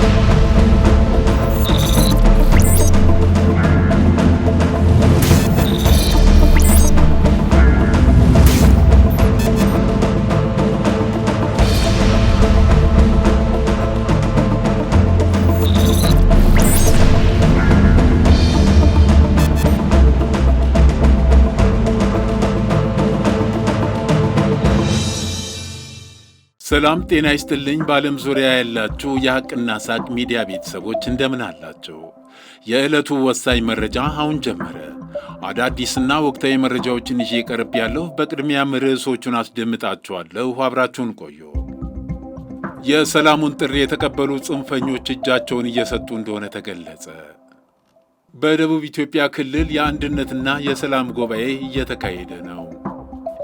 Thank you. ሰላም ጤና ይስጥልኝ። በዓለም ዙሪያ ያላችሁ የሐቅና ሳቅ ሚዲያ ቤተሰቦች እንደምን አላችሁ? የዕለቱ ወሳኝ መረጃ አሁን ጀመረ። አዳዲስና ወቅታዊ መረጃዎችን ይዤ ቀርብ ያለሁ። በቅድሚያም ርዕሶቹን አስደምጣችኋለሁ። አብራችሁን ቆዩ። የሰላሙን ጥሪ የተቀበሉ ጽንፈኞች እጃቸውን እየሰጡ እንደሆነ ተገለጸ። በደቡብ ኢትዮጵያ ክልል የአንድነትና የሰላም ጉባኤ እየተካሄደ ነው።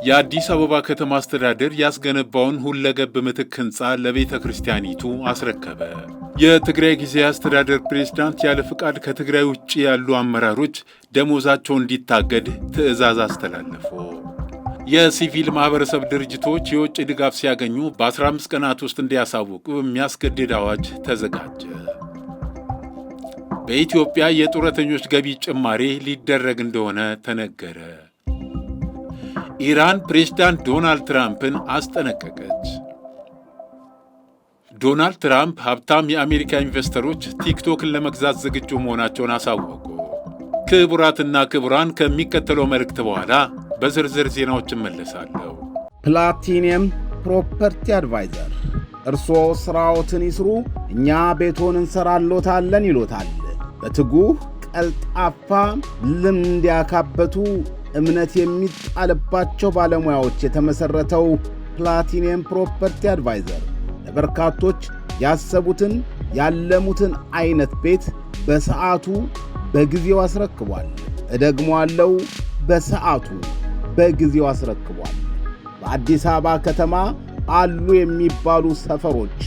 የአዲስ አበባ ከተማ አስተዳደር ያስገነባውን ሁለገብ ምትክ ህንፃ ለቤተ ክርስቲያኒቱ አስረከበ። የትግራይ ጊዜ አስተዳደር ፕሬዝዳንት ያለ ፍቃድ ከትግራይ ውጭ ያሉ አመራሮች ደሞዛቸው እንዲታገድ ትዕዛዝ አስተላለፉ። የሲቪል ማህበረሰብ ድርጅቶች የውጭ ድጋፍ ሲያገኙ በ15 ቀናት ውስጥ እንዲያሳውቁ የሚያስገድድ አዋጅ ተዘጋጀ። በኢትዮጵያ የጡረተኞች ገቢ ጭማሬ ሊደረግ እንደሆነ ተነገረ። ኢራን ፕሬዝዳንት ዶናልድ ትራምፕን አስጠነቀቀች። ዶናልድ ትራምፕ ሀብታም የአሜሪካ ኢንቨስተሮች ቲክቶክን ለመግዛት ዝግጁ መሆናቸውን አሳወቁ። ክቡራትና ክቡራን ከሚከተለው መልእክት በኋላ በዝርዝር ዜናዎች እመለሳለሁ። ፕላቲኒየም ፕሮፐርቲ አድቫይዘር እርስዎ ሥራዎትን ይስሩ፣ እኛ ቤቶን እንሰራሎታለን ይሎታል። በትጉህ ቀልጣፋ ልምድ ያካበቱ እምነት የሚጣልባቸው ባለሙያዎች የተመሠረተው ፕላቲኒየም ፕሮፐርቲ አድቫይዘር ለበርካቶች ያሰቡትን ያለሙትን አይነት ቤት በሰዓቱ በጊዜው አስረክቧል። እደግሞ አለው በሰዓቱ በጊዜው አስረክቧል። በአዲስ አበባ ከተማ አሉ የሚባሉ ሰፈሮች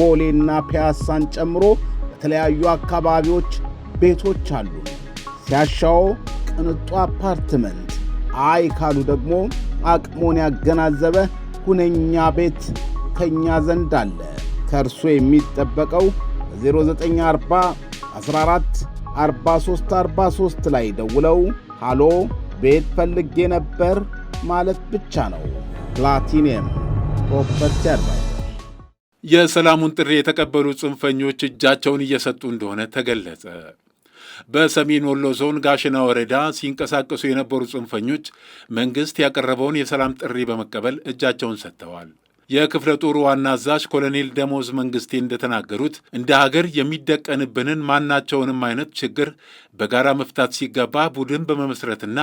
ቦሌና ፒያሳን ጨምሮ በተለያዩ አካባቢዎች ቤቶች አሉ። ሲያሻው ቅንጡ አፓርትመንት አይ ካሉ ደግሞ አቅሞን ያገናዘበ ሁነኛ ቤት ከኛ ዘንድ አለ። ከእርሱ የሚጠበቀው በ0940 ላይ ደውለው ሃሎ ቤት ፈልጌ ነበር ማለት ብቻ ነው። ፕላቲኒየም ፕሮፐርቲ አድቫይዘር። የሰላሙን ጥሪ የተቀበሉ ጽንፈኞች እጃቸውን እየሰጡ እንደሆነ ተገለጸ። በሰሜን ወሎ ዞን ጋሽና ወረዳ ሲንቀሳቀሱ የነበሩ ጽንፈኞች መንግስት ያቀረበውን የሰላም ጥሪ በመቀበል እጃቸውን ሰጥተዋል። የክፍለ ጦሩ ዋና አዛዥ ኮሎኔል ደሞዝ መንግስቴ እንደተናገሩት እንደ ሀገር የሚደቀንብንን ማናቸውንም አይነት ችግር በጋራ መፍታት ሲገባ ቡድን በመመስረትና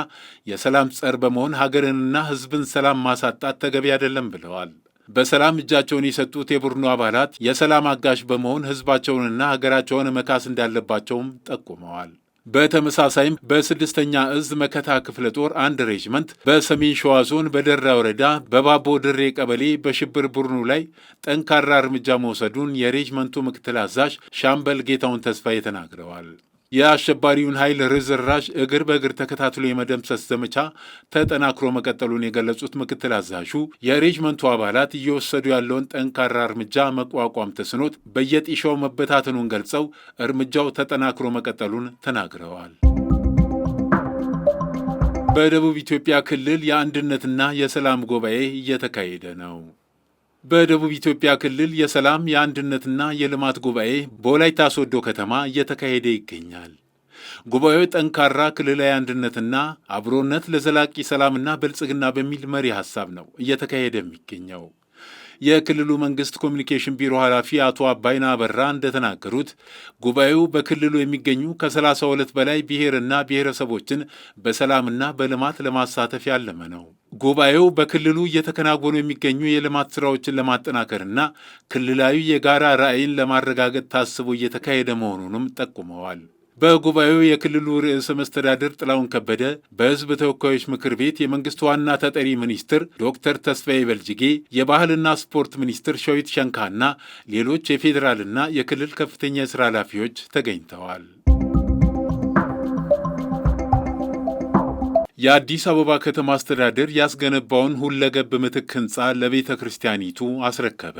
የሰላም ጸር በመሆን ሀገርንና ሕዝብን ሰላም ማሳጣት ተገቢ አይደለም ብለዋል። በሰላም እጃቸውን የሰጡት የቡድኑ አባላት የሰላም አጋሽ በመሆን ህዝባቸውንና ሀገራቸውን መካስ እንዳለባቸውም ጠቁመዋል። በተመሳሳይም በስድስተኛ እዝ መከታ ክፍለ ጦር አንድ ሬጅመንት በሰሜን ሸዋ ዞን በደራ ወረዳ በባቦ ድሬ ቀበሌ በሽብር ቡድኑ ላይ ጠንካራ እርምጃ መውሰዱን የሬጅመንቱ ምክትል አዛዥ ሻምበል ጌታውን ተስፋዬ ተናግረዋል። የአሸባሪውን ኃይል ርዝራዥ እግር በእግር ተከታትሎ የመደምሰስ ዘመቻ ተጠናክሮ መቀጠሉን የገለጹት ምክትል አዛዡ የሬጅመንቱ አባላት እየወሰዱ ያለውን ጠንካራ እርምጃ መቋቋም ተስኖት በየጢሻው መበታተኑን ገልጸው እርምጃው ተጠናክሮ መቀጠሉን ተናግረዋል። በደቡብ ኢትዮጵያ ክልል የአንድነትና የሰላም ጉባኤ እየተካሄደ ነው። በደቡብ ኢትዮጵያ ክልል የሰላም የአንድነትና የልማት ጉባኤ በወላይታ ሶዶ ከተማ እየተካሄደ ይገኛል። ጉባኤው ጠንካራ ክልላዊ አንድነትና አብሮነት ለዘላቂ ሰላምና ብልጽግና በሚል መሪ ሐሳብ ነው እየተካሄደ የሚገኘው። የክልሉ መንግስት ኮሚኒኬሽን ቢሮ ኃላፊ አቶ አባይና በራ እንደተናገሩት ጉባኤው በክልሉ የሚገኙ ከ32 በላይ ብሔርና ብሔረሰቦችን በሰላምና በልማት ለማሳተፍ ያለመ ነው። ጉባኤው በክልሉ እየተከናወኑ የሚገኙ የልማት ስራዎችን ለማጠናከርና ክልላዊ የጋራ ራዕይን ለማረጋገጥ ታስቦ እየተካሄደ መሆኑንም ጠቁመዋል። በጉባኤው የክልሉ ርዕሰ መስተዳድር ጥላሁን ከበደ፣ በህዝብ ተወካዮች ምክር ቤት የመንግስት ዋና ተጠሪ ሚኒስትር ዶክተር ተስፋዬ በልጅጌ፣ የባህልና ስፖርት ሚኒስትር ሸዊት ሸንካና ሌሎች የፌዴራልና የክልል ከፍተኛ የስራ ኃላፊዎች ተገኝተዋል። የአዲስ አበባ ከተማ አስተዳደር ያስገነባውን ሁለገብ ምትክ ህንፃ ለቤተ ክርስቲያኒቱ አስረከበ።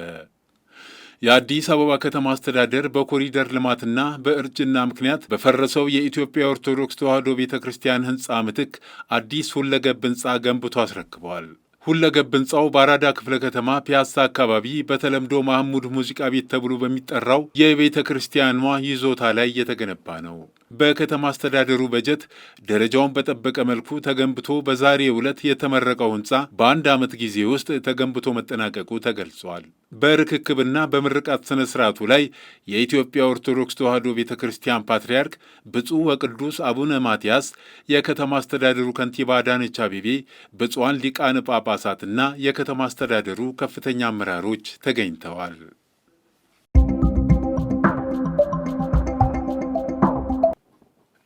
የአዲስ አበባ ከተማ አስተዳደር በኮሪደር ልማትና በእርጅና ምክንያት በፈረሰው የኢትዮጵያ ኦርቶዶክስ ተዋሕዶ ቤተ ክርስቲያን ህንፃ ምትክ አዲስ ሁለገብ ህንፃ ገንብቶ አስረክበዋል። ሁለገብ ህንፃው በአራዳ ክፍለ ከተማ ፒያሳ አካባቢ በተለምዶ ማህሙድ ሙዚቃ ቤት ተብሎ በሚጠራው የቤተ ክርስቲያኗ ይዞታ ላይ የተገነባ ነው። በከተማ አስተዳደሩ በጀት ደረጃውን በጠበቀ መልኩ ተገንብቶ በዛሬ ዕለት የተመረቀው ህንፃ በአንድ ዓመት ጊዜ ውስጥ ተገንብቶ መጠናቀቁ ተገልጿል። በርክክብና በምርቃት ስነ ስርዓቱ ላይ የኢትዮጵያ ኦርቶዶክስ ተዋሕዶ ቤተ ክርስቲያን ፓትርያርክ ብፁዕ ወቅዱስ አቡነ ማትያስ፣ የከተማ አስተዳደሩ ከንቲባ አዳነች አቤቤ፣ ብፁዓን ሊቃነ ጳጳሳትና የከተማ አስተዳደሩ ከፍተኛ አመራሮች ተገኝተዋል።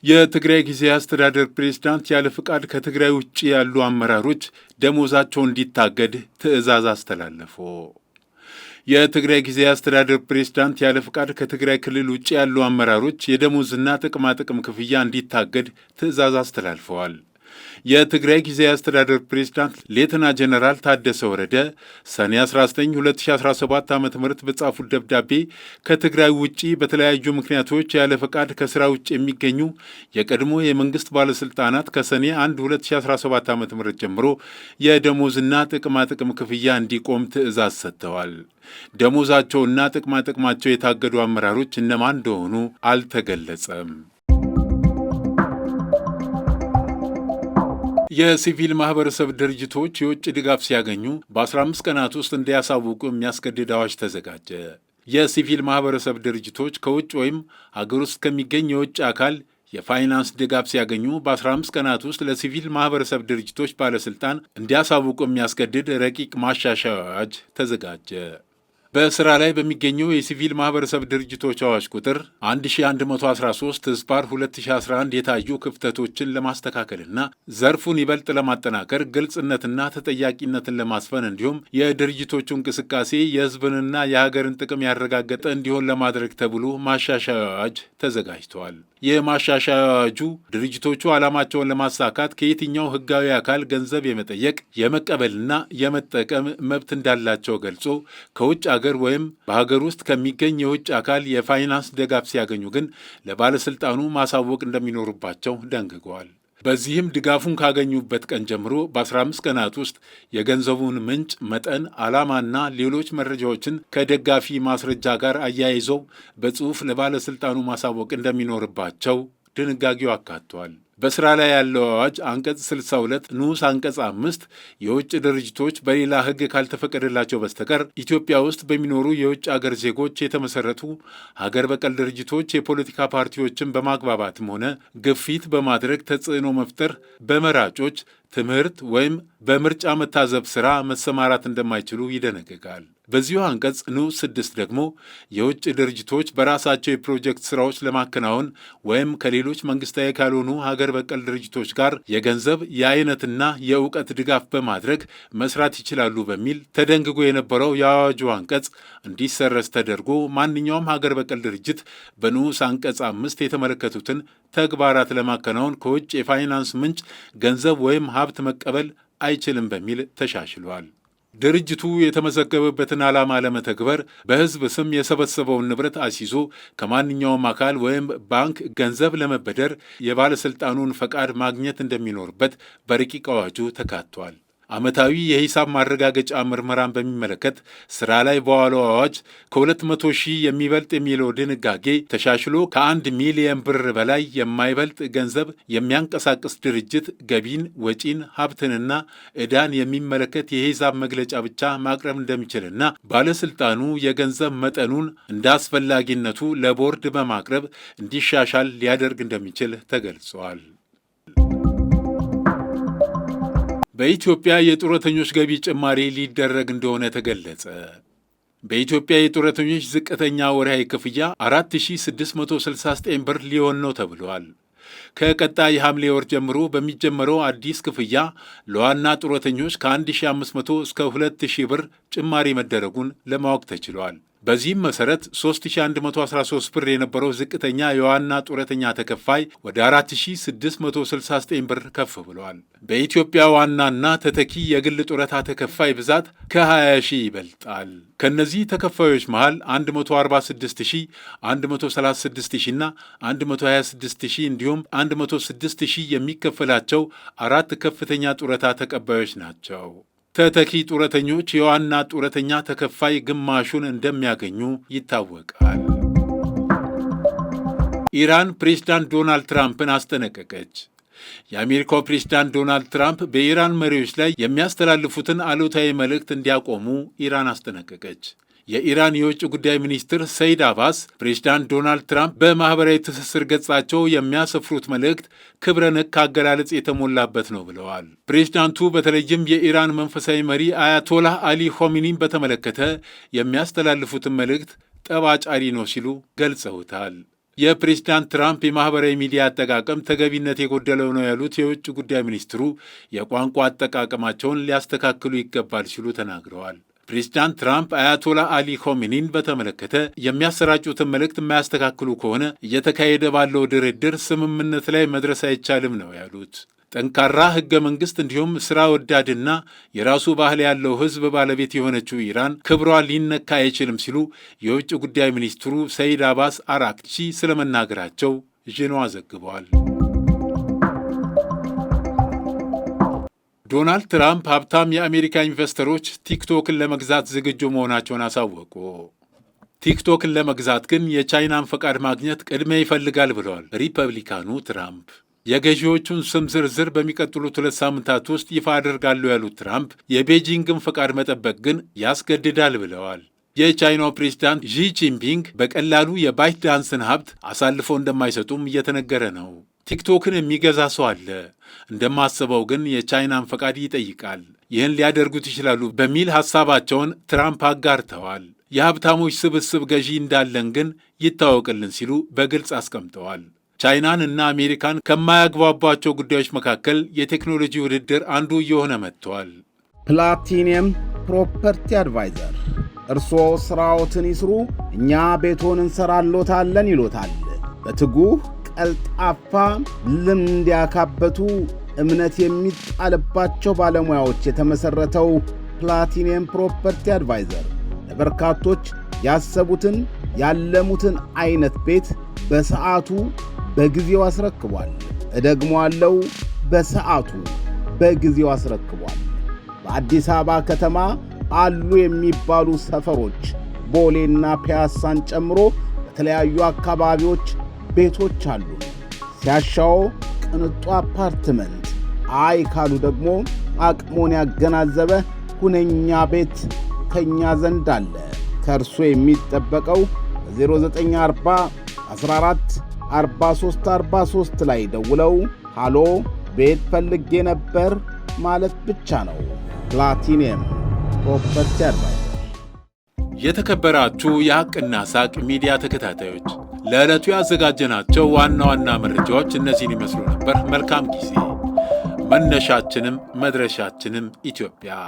የትግራይ ጊዜ አስተዳደር ፕሬዝዳንት ያለ ፍቃድ ከትግራይ ውጭ ያሉ አመራሮች ደሞዛቸው እንዲታገድ ትዕዛዝ አስተላለፉ። የትግራይ ጊዜ አስተዳደር ፕሬዝዳንት ያለ ፍቃድ ከትግራይ ክልል ውጭ ያሉ አመራሮች የደሞዝና ጥቅማጥቅም ክፍያ እንዲታገድ ትዕዛዝ አስተላልፈዋል። የትግራይ ጊዜ አስተዳደር ፕሬዚዳንት ሌተና ጀነራል ታደሰ ወረደ ሰኔ 19 2017 ዓ ም በጻፉት ደብዳቤ ከትግራይ ውጪ በተለያዩ ምክንያቶች ያለ ፈቃድ ከስራ ውጭ የሚገኙ የቀድሞ የመንግስት ባለስልጣናት ከሰኔ 1 2017 ዓ ም ጀምሮ የደሞዝና ጥቅማጥቅም ክፍያ እንዲቆም ትእዛዝ ሰጥተዋል። ደሞዛቸውና ጥቅማጥቅማቸው የታገዱ አመራሮች እነማን እንደሆኑ አልተገለጸም። የሲቪል ማህበረሰብ ድርጅቶች የውጭ ድጋፍ ሲያገኙ በ15 ቀናት ውስጥ እንዲያሳውቁ የሚያስገድድ አዋጅ ተዘጋጀ። የሲቪል ማህበረሰብ ድርጅቶች ከውጭ ወይም አገር ውስጥ ከሚገኝ የውጭ አካል የፋይናንስ ድጋፍ ሲያገኙ በ15 ቀናት ውስጥ ለሲቪል ማህበረሰብ ድርጅቶች ባለስልጣን እንዲያሳውቁ የሚያስገድድ ረቂቅ ማሻሻያ አዋጅ ተዘጋጀ። በስራ ላይ በሚገኙ የሲቪል ማህበረሰብ ድርጅቶች አዋጅ ቁጥር 1113 ህዝባር 2011 የታዩ ክፍተቶችን ለማስተካከልና ዘርፉን ይበልጥ ለማጠናከር ግልጽነትና ተጠያቂነትን ለማስፈን እንዲሁም የድርጅቶቹ እንቅስቃሴ የህዝብንና የሀገርን ጥቅም ያረጋገጠ እንዲሆን ለማድረግ ተብሎ ማሻሻያ አዋጅ ተዘጋጅተዋል። የማሻሻያ አዋጁ ድርጅቶቹ ዓላማቸውን ለማሳካት ከየትኛው ህጋዊ አካል ገንዘብ የመጠየቅ የመቀበልና የመጠቀም መብት እንዳላቸው ገልጾ ከውጭ ሀገር ወይም በሀገር ውስጥ ከሚገኝ የውጭ አካል የፋይናንስ ድጋፍ ሲያገኙ ግን ለባለስልጣኑ ማሳወቅ እንደሚኖሩባቸው ደንግገዋል። በዚህም ድጋፉን ካገኙበት ቀን ጀምሮ በ15 ቀናት ውስጥ የገንዘቡን ምንጭ፣ መጠን፣ ዓላማና ሌሎች መረጃዎችን ከደጋፊ ማስረጃ ጋር አያይዘው በጽሑፍ ለባለሥልጣኑ ማሳወቅ እንደሚኖርባቸው ድንጋጌው አካቷል። በስራ ላይ ያለው አዋጅ አንቀጽ 62 ንዑስ አንቀጽ አምስት የውጭ ድርጅቶች በሌላ ሕግ ካልተፈቀደላቸው በስተቀር ኢትዮጵያ ውስጥ በሚኖሩ የውጭ አገር ዜጎች የተመሰረቱ ሀገር በቀል ድርጅቶች የፖለቲካ ፓርቲዎችን በማግባባትም ሆነ ግፊት በማድረግ ተጽዕኖ መፍጠር በመራጮች ትምህርት ወይም በምርጫ መታዘብ ሥራ መሰማራት እንደማይችሉ ይደነግጋል። በዚሁ አንቀጽ ንዑስ ስድስት ደግሞ የውጭ ድርጅቶች በራሳቸው የፕሮጀክት ሥራዎች ለማከናወን ወይም ከሌሎች መንግሥታዊ ካልሆኑ ሀገር በቀል ድርጅቶች ጋር የገንዘብ የአይነትና የእውቀት ድጋፍ በማድረግ መስራት ይችላሉ በሚል ተደንግጎ የነበረው የአዋጁ አንቀጽ እንዲሰረዝ ተደርጎ ማንኛውም ሀገር በቀል ድርጅት በንዑስ አንቀጽ አምስት የተመለከቱትን ተግባራት ለማከናወን ከውጭ የፋይናንስ ምንጭ ገንዘብ ወይም ሀብት መቀበል አይችልም በሚል ተሻሽሏል። ድርጅቱ የተመዘገበበትን ዓላማ ለመተግበር በሕዝብ ስም የሰበሰበውን ንብረት አስይዞ ከማንኛውም አካል ወይም ባንክ ገንዘብ ለመበደር የባለሥልጣኑን ፈቃድ ማግኘት እንደሚኖርበት በረቂቅ አዋጁ ተካቷል። ዓመታዊ የሂሳብ ማረጋገጫ ምርመራን በሚመለከት ስራ ላይ በዋለው አዋጅ ከ200 ሺህ የሚበልጥ የሚለው ድንጋጌ ተሻሽሎ ከአንድ ሚሊየን ብር በላይ የማይበልጥ ገንዘብ የሚያንቀሳቅስ ድርጅት ገቢን፣ ወጪን፣ ሀብትንና ዕዳን የሚመለከት የሂሳብ መግለጫ ብቻ ማቅረብ እንደሚችልና ባለስልጣኑ የገንዘብ መጠኑን እንደ አስፈላጊነቱ ለቦርድ በማቅረብ እንዲሻሻል ሊያደርግ እንደሚችል ተገልጿል። በኢትዮጵያ የጡረተኞች ገቢ ጭማሪ ሊደረግ እንደሆነ ተገለጸ። በኢትዮጵያ የጡረተኞች ዝቅተኛ ወርሃዊ ክፍያ 4669 ብር ሊሆን ነው ተብሏል። ከቀጣይ ሐምሌ ወር ጀምሮ በሚጀመረው አዲስ ክፍያ ለዋና ጡረተኞች ከ1500 እስከ 2000 ብር ጭማሪ መደረጉን ለማወቅ ተችሏል። በዚህም መሰረት 3113 ብር የነበረው ዝቅተኛ የዋና ጡረተኛ ተከፋይ ወደ 4669 ብር ከፍ ብለዋል። በኢትዮጵያ ዋናና ተተኪ የግል ጡረታ ተከፋይ ብዛት ከ20 ሺህ ይበልጣል። ከእነዚህ ተከፋዮች መሃል 146 136 እና 126 እንዲሁም 106 የሚከፈላቸው አራት ከፍተኛ ጡረታ ተቀባዮች ናቸው። ተተኪ ጡረተኞች የዋና ጡረተኛ ተከፋይ ግማሹን እንደሚያገኙ ይታወቃል። ኢራን ፕሬዝዳንት ዶናልድ ትራምፕን አስጠነቀቀች። የአሜሪካው ፕሬዝዳንት ዶናልድ ትራምፕ በኢራን መሪዎች ላይ የሚያስተላልፉትን አሉታዊ መልእክት እንዲያቆሙ ኢራን አስጠነቀቀች። የኢራን የውጭ ጉዳይ ሚኒስትር ሰይድ አባስ ፕሬዚዳንት ዶናልድ ትራምፕ በማኅበራዊ ትስስር ገጻቸው የሚያሰፍሩት መልእክት ክብረ ነክ አገላለጽ የተሞላበት ነው ብለዋል። ፕሬዚዳንቱ በተለይም የኢራን መንፈሳዊ መሪ አያቶላህ አሊ ሆሚኒን በተመለከተ የሚያስተላልፉትን መልእክት ጠባጫሪ ነው ሲሉ ገልጸውታል። የፕሬዝዳንት ትራምፕ የማኅበራዊ ሚዲያ አጠቃቀም ተገቢነት የጎደለው ነው ያሉት የውጭ ጉዳይ ሚኒስትሩ የቋንቋ አጠቃቀማቸውን ሊያስተካክሉ ይገባል ሲሉ ተናግረዋል። ፕሬዚዳንት ትራምፕ አያቶላ አሊ ኮሚኒን በተመለከተ የሚያሰራጩትን መልእክት የማያስተካክሉ ከሆነ እየተካሄደ ባለው ድርድር ስምምነት ላይ መድረስ አይቻልም ነው ያሉት። ጠንካራ ሕገ መንግሥት እንዲሁም ሥራ ወዳድና የራሱ ባህል ያለው ሕዝብ ባለቤት የሆነችው ኢራን ክብሯ ሊነካ አይችልም ሲሉ የውጭ ጉዳይ ሚኒስትሩ ሰይድ አባስ አራክቺ ስለመናገራቸው ዥንዋ ዘግበዋል። ዶናልድ ትራምፕ ሀብታም የአሜሪካ ኢንቨስተሮች ቲክቶክን ለመግዛት ዝግጁ መሆናቸውን አሳወቁ። ቲክቶክን ለመግዛት ግን የቻይናን ፈቃድ ማግኘት ቅድሚያ ይፈልጋል ብለዋል ሪፐብሊካኑ ትራምፕ። የገዢዎቹን ስም ዝርዝር በሚቀጥሉት ሁለት ሳምንታት ውስጥ ይፋ አደርጋለሁ ያሉት ትራምፕ የቤጂንግን ፈቃድ መጠበቅ ግን ያስገድዳል ብለዋል። የቻይናው ፕሬዚዳንት ዢ ጂንፒንግ በቀላሉ የባይት ዳንስን ሀብት አሳልፈው እንደማይሰጡም እየተነገረ ነው። ቲክቶክን የሚገዛ ሰው አለ። እንደማስበው ግን የቻይናን ፈቃድ ይጠይቃል። ይህን ሊያደርጉት ይችላሉ በሚል ሐሳባቸውን ትራምፕ አጋርተዋል። የሀብታሞች ስብስብ ገዢ እንዳለን ግን ይታወቅልን ሲሉ በግልጽ አስቀምጠዋል። ቻይናን እና አሜሪካን ከማያግባቧቸው ጉዳዮች መካከል የቴክኖሎጂ ውድድር አንዱ እየሆነ መጥቷል። ፕላቲኒየም ፕሮፐርቲ አድቫይዘር እርስዎ ሥራዎትን ይስሩ፣ እኛ ቤቶን እንሰራሎታለን ይሎታል። በትጉህ ቀልጣፋ ልምድ ያካበቱ እምነት የሚጣልባቸው ባለሙያዎች የተመሠረተው ፕላቲኒየም ፕሮፐርቲ አድቫይዘር ለበርካቶች ያሰቡትን ያለሙትን አይነት ቤት በሰዓቱ በጊዜው አስረክቧል። እደግሞ አለው በሰዓቱ በጊዜው አስረክቧል። በአዲስ አበባ ከተማ አሉ የሚባሉ ሰፈሮች ቦሌና ፒያሳን ጨምሮ በተለያዩ አካባቢዎች ቤቶች አሉ። ሲያሻው ቅንጡ አፓርትመንት፣ አይ ካሉ ደግሞ አቅሞን ያገናዘበ ሁነኛ ቤት ከኛ ዘንድ አለ። ከእርሶ የሚጠበቀው በ0940 14 43 43 ላይ ደውለው ሃሎ ቤት ፈልጌ ነበር ማለት ብቻ ነው። ፕላቲኒየም ፕሮፐርቲ አድቫይዘር። የተከበራችሁ የሐቅና ሳቅ ሚዲያ ተከታታዮች ለዕለቱ ያዘጋጀናቸው ዋና ዋና መረጃዎች እነዚህን ይመስሉ ነበር። መልካም ጊዜ። መነሻችንም መድረሻችንም ኢትዮጵያ።